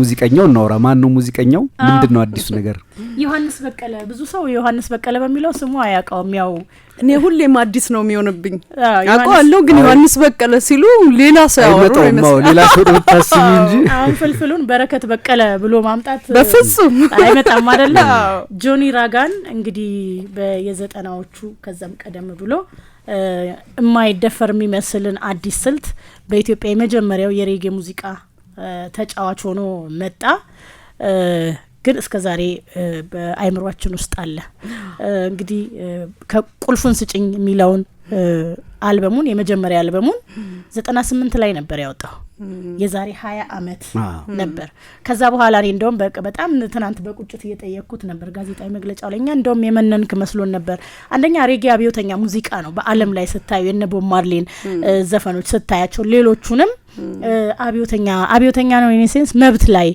ሙዚቀኛው እናውራ። ማን ነው ሙዚቀኛው? ምንድን ነው አዲሱ ነገር? ዮሐንስ በቀለ። ብዙ ሰው ዮሐንስ በቀለ በሚለው ስሙ አያውቀውም። ያው እኔ ሁሌም አዲስ ነው የሚሆንብኝ አውቀዋለሁ፣ ግን ዮሐንስ በቀለ ሲሉ ሌላ ሰው ያወሩ ሌላ ሰው ታስቢ እንጂ አሁን ፍልፍሉን በረከት በቀለ ብሎ ማምጣት በፍጹም አይመጣም። አይደለም ጆኒ ራጋን እንግዲህ የዘጠናዎቹ ከዛም ቀደም ብሎ የማይደፈር የሚመስልን አዲስ ስልት በኢትዮጵያ የመጀመሪያው የሬጌ ሙዚቃ ተጫዋች ሆኖ መጣ። ግን እስከ ዛሬ በአይምሯችን ውስጥ አለ። እንግዲህ ከቁልፉን ስጭኝ የሚለውን አልበሙን የመጀመሪያ አልበሙን ዘጠና ስምንት ላይ ነበር ያወጣው። የዛሬ ሀያ አመት ነበር። ከዛ በኋላ እኔ እንደውም በጣም ትናንት በቁጭት እየጠየቅኩት ነበር ጋዜጣዊ መግለጫው ላይ እንደውም የመነንክ መስሎን ነበር። አንደኛ ሬጌ አብዮተኛ ሙዚቃ ነው። በዓለም ላይ ስታዩ የነ ቦብ ማርሊን ዘፈኖች ስታያቸው ሌሎቹንም አብዮተኛ አብዮተኛ ነው የኔ መብት ላይ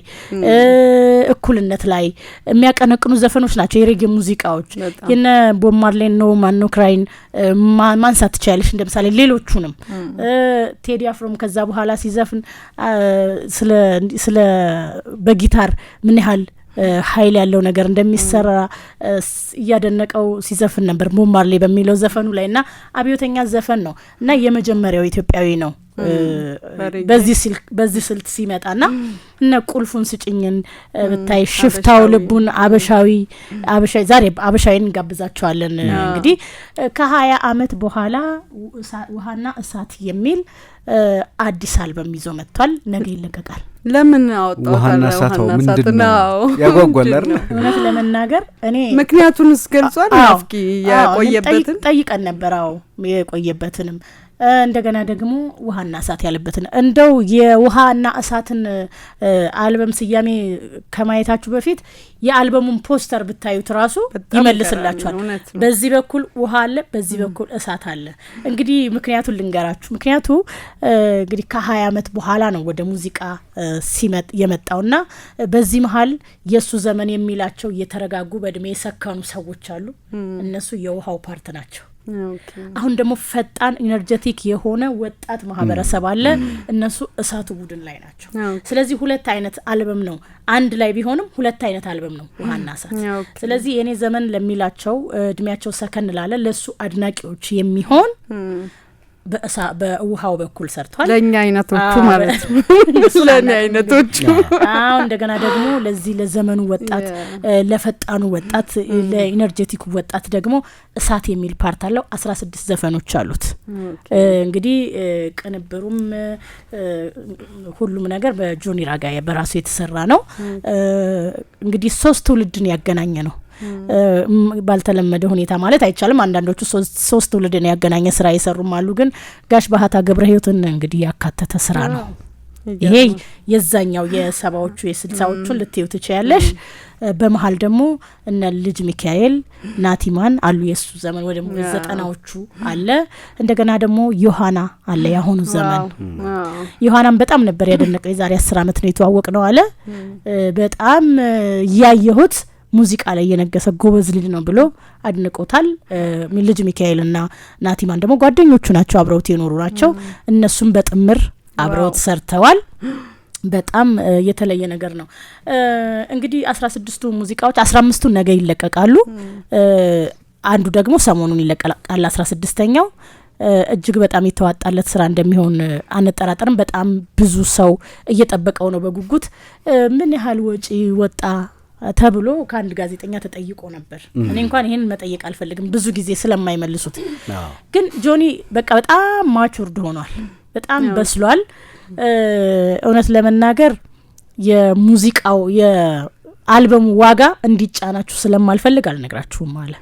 እኩልነት ላይ የሚያቀነቅኑ ዘፈኖች ናቸው የሬጌ ሙዚቃዎች የነ ቦብ ማርሊን ነው ማን ክራይን ማንሳት ትቻያለች እንደምሳሌ ሌሎቹንም ቴዲ አፍሮም ከዛ በኋላ ሲዘፍን ስለ በጊታር ምን ያህል ኃይል ያለው ነገር እንደሚሰራ እያደነቀው ሲዘፍን ነበር ሞብ ማርሌ በሚለው ዘፈኑ ላይ እና አብዮተኛ ዘፈን ነው እና የመጀመሪያው ኢትዮጵያዊ ነው በዚህ ስልት ሲመጣ ና እነ ቁልፉን ስጭኝን ብታይ ሽፍታው ልቡን አበሻዊ አበሻዊ ዛሬ አበሻዊን እንጋብዛቸዋለን። እንግዲህ ከሀያ አመት በኋላ ውሀና እሳት የሚል አዲስ አልበም ይዞ መጥቷል። ነገ ይለቀቃል። ለምን አወጣው? ሳተው እሳት ምንድን ነው ያጓጓለር? እውነት ለመናገር እኔ ምክንያቱን ስገልጿል። እስኪ ያቆየበትን ጠይቀን ነበር። ነበረው የቆየበትንም እንደገና ደግሞ ውሃና እሳት ያለበትን እንደው የውሃና እሳትን አልበም ስያሜ ከማየታችሁ በፊት የአልበሙን ፖስተር ብታዩት ራሱ ይመልስላችኋል። በዚህ በኩል ውሃ አለ፣ በዚህ በኩል እሳት አለ። እንግዲህ ምክንያቱ ልንገራችሁ። ምክንያቱ እንግዲህ ከሀያ ዓመት በኋላ ነው ወደ ሙዚቃ ሲመጥ የመጣውና በዚህ መሀል የእሱ ዘመን የሚላቸው እየተረጋጉ በእድሜ የሰከኑ ሰዎች አሉ። እነሱ የውሃው ፓርት ናቸው። አሁን ደግሞ ፈጣን ኢነርጀቲክ የሆነ ወጣት ማህበረሰብ አለ። እነሱ እሳቱ ቡድን ላይ ናቸው። ስለዚህ ሁለት አይነት አልበም ነው። አንድ ላይ ቢሆንም ሁለት አይነት አልበም ነው፣ ውሃና እሳት። ስለዚህ የእኔ ዘመን ለሚላቸው እድሜያቸው ሰከን ላለ ለእሱ አድናቂዎች የሚሆን በእሳ በውሃው በኩል ሰርቷል። ለእኛ አይነቶቹ ማለት ነው፣ ለእኛ አይነቶቹ። አዎ እንደገና ደግሞ ለዚህ ለዘመኑ ወጣት፣ ለፈጣኑ ወጣት፣ mm. ለኢነርጀቲኩ ወጣት ደግሞ እሳት የሚል ፓርት አለው። አስራ ስድስት ዘፈኖች አሉት። እንግዲህ ቅንብሩም ሁሉም ነገር በጆኒ ራጋ በራሱ የተሰራ ነው። mm. እንግዲህ ሶስት ትውልድን ያገናኘ ነው። ባልተለመደ ሁኔታ ማለት አይቻልም። አንዳንዶቹ ሶስት ትውልድን ያገናኘ ስራ የሰሩም አሉ። ግን ጋሽ ባህታ ገብረ ህይወትን እንግዲህ ያካተተ ስራ ነው ይሄ። የዛኛው የሰባዎቹ የስልሳዎቹን ልትዩ ትችያለሽ። በመሀል ደግሞ እነ ልጅ ሚካኤል ናቲማን አሉ። የእሱ ዘመን ወደ ዘጠናዎቹ አለ። እንደገና ደግሞ ዮሐና አለ፣ የአሁኑ ዘመን ዮሐናን በጣም ነበር ያደነቀው። የዛሬ አስር አመት ነው የተዋወቅ ነው አለ። በጣም እያየሁት ሙዚቃ ላይ የነገሰ ጎበዝ ልጅ ነው ብሎ አድንቆታል። ልጅ ሚካኤልና ናቲማን ደግሞ ጓደኞቹ ናቸው፣ አብረውት የኖሩ ናቸው። እነሱም በጥምር አብረውት ሰርተዋል። በጣም የተለየ ነገር ነው። እንግዲህ አስራ ስድስቱ ሙዚቃዎች አስራ አምስቱ ነገ ይለቀቃሉ። አንዱ ደግሞ ሰሞኑን ይለቀቃል። አስራ ስድስተኛው እጅግ በጣም የተዋጣለት ስራ እንደሚሆን አንጠራጠርም። በጣም ብዙ ሰው እየጠበቀው ነው በጉጉት። ምን ያህል ወጪ ወጣ ተብሎ ከአንድ ጋዜጠኛ ተጠይቆ ነበር። እኔ እንኳን ይህን መጠየቅ አልፈልግም ብዙ ጊዜ ስለማይመልሱት፣ ግን ጆኒ በቃ በጣም ማቹርድ ሆኗል፣ በጣም በስሏል። እውነት ለመናገር የሙዚቃው አልበሙ ዋጋ እንዲጫናችሁ ስለማልፈልግ አልነግራችሁም አለ።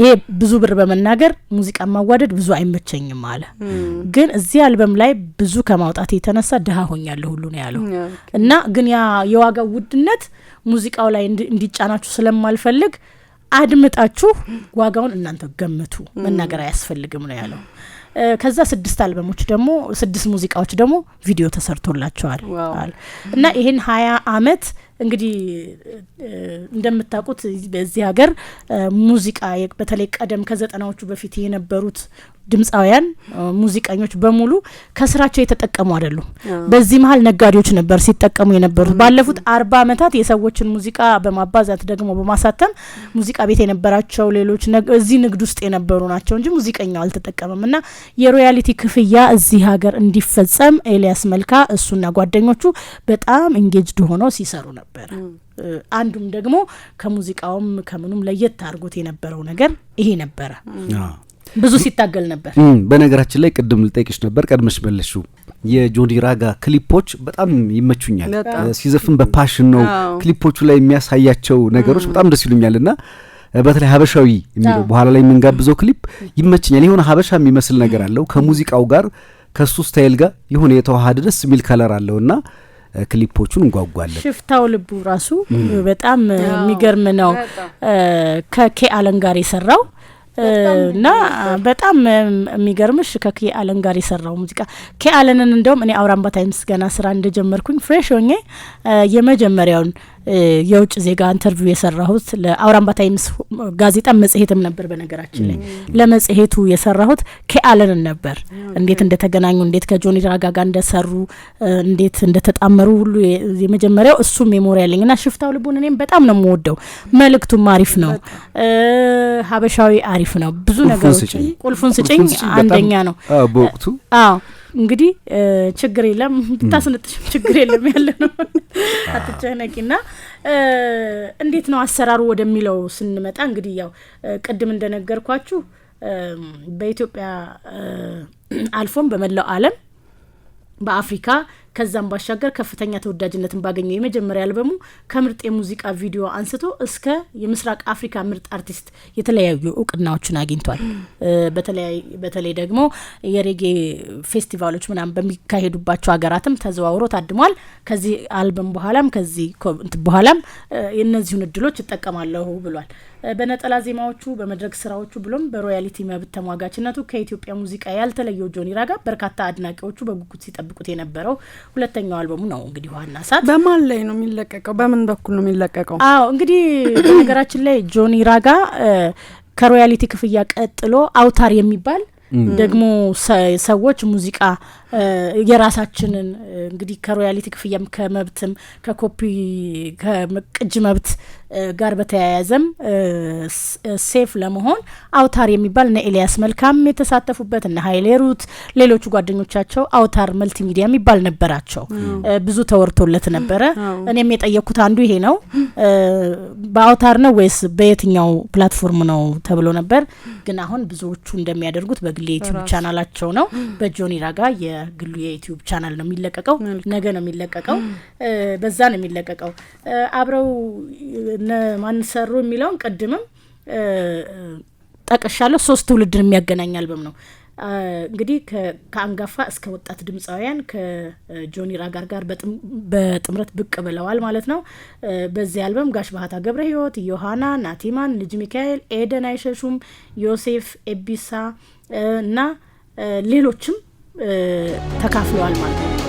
ይሄ ብዙ ብር በመናገር ሙዚቃ ማዋደድ ብዙ አይመቸኝም አለ። ግን እዚህ አልበም ላይ ብዙ ከማውጣት የተነሳ ድሀ ሆኛለሁ ሁሉ ነው ያለው እና ግን ያ የዋጋ ውድነት ሙዚቃው ላይ እንዲጫናችሁ ስለማልፈልግ አድምጣችሁ ዋጋውን እናንተ ገምቱ፣ መናገር አያስፈልግም ነው ያለው። ከዛ ስድስት አልበሞች ደግሞ ስድስት ሙዚቃዎች ደግሞ ቪዲዮ ተሰርቶላቸዋል እና ይህን ሀያ አመት እንግዲህ እንደምታውቁት በዚህ ሀገር ሙዚቃ በተለይ ቀደም ከዘጠናዎቹ በፊት የነበሩት ድምፃውያን ሙዚቀኞች በሙሉ ከስራቸው የተጠቀሙ አይደሉም። በዚህ መሀል ነጋዴዎች ነበር ሲጠቀሙ የነበሩት። ባለፉት አርባ ዓመታት የሰዎችን ሙዚቃ በማባዛት ደግሞ በማሳተም ሙዚቃ ቤት የነበራቸው ሌሎች እዚህ ንግድ ውስጥ የነበሩ ናቸው እንጂ ሙዚቀኛው አልተጠቀመም። እና የሮያሊቲ ክፍያ እዚህ ሀገር እንዲፈጸም ኤልያስ መልካ እሱና ጓደኞቹ በጣም እንጌጅድ ሆነው ሲሰሩ ነበር። አንዱም ደግሞ ከሙዚቃውም ከምኑም ለየት አድርጎት የነበረው ነገር ይሄ ነበረ። ብዙ ሲታገል ነበር። በነገራችን ላይ ቅድም ልጠይቅሽ ነበር ቀድመሽ መለሹ። የጆኒ ራጋ ክሊፖች በጣም ይመቹኛል። ሲዘፍን በፓሽን ነው። ክሊፖቹ ላይ የሚያሳያቸው ነገሮች በጣም ደስ ይሉኛል እና በተለይ ሀበሻዊ የሚለው በኋላ ላይ የምንጋብዘው ክሊፕ ይመችኛል። የሆነ ሀበሻ የሚመስል ነገር አለው ከሙዚቃው ጋር ከእሱ ስታይል ጋር የሆነ የተዋሃደ ደስ የሚል ከለር አለው እና ክሊፖቹን እንጓጓለን። ሽፍታው ልቡ ራሱ በጣም የሚገርም ነው። ከኬ አለን ጋር የሰራው እና በጣም የሚገርምሽ ከኬ አለን ጋር የሰራው ሙዚቃ ኬ አለንን እንደውም እኔ አውራምባ ታይምስ ገና ስራ እንደጀመርኩኝ ፍሬሽ ሆኜ የመጀመሪያውን የውጭ ዜጋ ኢንተርቪው የሰራሁት ለአውራምባ ታይምስ ጋዜጣ መጽሄትም ነበር። በነገራችን ላይ ለመጽሄቱ የሰራሁት ኬአለንን ነበር። እንዴት እንደተገናኙ፣ እንዴት ከጆኒ ራጋ ጋር እንደሰሩ፣ እንዴት እንደተጣመሩ ሁሉ የመጀመሪያው እሱ ሜሞሪያልኝ እና ሽፍታው ልቡን እኔም በጣም ነው የምወደው። መልእክቱም አሪፍ ነው። ሀበሻዊ አሪፍ ነው። ብዙ ነገሮች ቁልፉን ስጭኝ አንደኛ ነው በወቅቱ አዎ እንግዲህ ችግር የለም ብታስነጥሽም ችግር የለም ያለ ነው። ና እንዴት ነው አሰራሩ ወደሚለው ስንመጣ እንግዲህ ያው ቅድም እንደነገርኳችሁ በኢትዮጵያ አልፎም በመላው አለም በአፍሪካ ከዛም ባሻገር ከፍተኛ ተወዳጅነትን ባገኘው የመጀመሪያ አልበሙ ከምርጥ የሙዚቃ ቪዲዮ አንስቶ እስከ የምስራቅ አፍሪካ ምርጥ አርቲስት የተለያዩ እውቅናዎችን አግኝቷል። በተለይ ደግሞ የሬጌ ፌስቲቫሎች ምናምን በሚካሄዱባቸው ሀገራትም ተዘዋውሮ ታድሟል። ከዚህ አልበም በኋላም ከዚህ በኋላም የእነዚሁን እድሎች እጠቀማለሁ ብሏል። በነጠላ ዜማዎቹ በመድረክ ስራዎቹ ብሎም በሮያሊቲ መብት ተሟጋችነቱ ከኢትዮጵያ ሙዚቃ ያልተለየው ጆኒ ራጋ በርካታ አድናቂዎቹ በጉጉት ሲጠብቁት የነበረው ሁለተኛው አልበሙ ነው እንግዲህ ዋና ሳት። በማን ላይ ነው የሚለቀቀው? በምን በኩል ነው የሚለቀቀው? አዎ እንግዲህ በነገራችን ላይ ጆኒ ራጋ ከሮያሊቲ ክፍያ ቀጥሎ አውታር የሚባል ደግሞ ሰዎች ሙዚቃ የራሳችንን እንግዲህ ከሮያሊቲ ክፍያም ከመብትም ከኮፒ ከቅጅ መብት ጋር በተያያዘም ሴፍ ለመሆን አውታር የሚባል እነ ኤልያስ መልካም የተሳተፉበት እነ ሀይሌ ሩት፣ ሌሎቹ ጓደኞቻቸው አውታር መልቲሚዲያ የሚባል ነበራቸው። ብዙ ተወርቶለት ነበረ። እኔም የጠየቅኩት አንዱ ይሄ ነው። በአውታር ነው ወይስ በየትኛው ፕላትፎርም ነው ተብሎ ነበር። ግን አሁን ብዙዎቹ እንደሚያደርጉት በግ የግል የዩቲዩብ ቻናላቸው ነው። በጆኒ ራጋ የግሉ የዩቲዩብ ቻናል ነው የሚለቀቀው። ነገ ነው የሚለቀቀው፣ በዛ ነው የሚለቀቀው። አብረው ማንሰሩ የሚለውን ቅድምም ጠቅሻለሁ። ሶስት ትውልድን የሚያገናኛል በም ነው እንግዲህ ከአንጋፋ እስከ ወጣት ድምፃውያን ከጆኒ ራጋር ጋር በጥምረት ብቅ ብለዋል ማለት ነው። በዚህ አልበም ጋሽ ባህታ ገብረ ህይወት ዮሀና ናቲማን፣ ልጅ ሚካኤል፣ ኤደን አይሸሹም፣ ዮሴፍ ኤቢሳ እና ሌሎችም ተካፍለዋል ማለት ነው።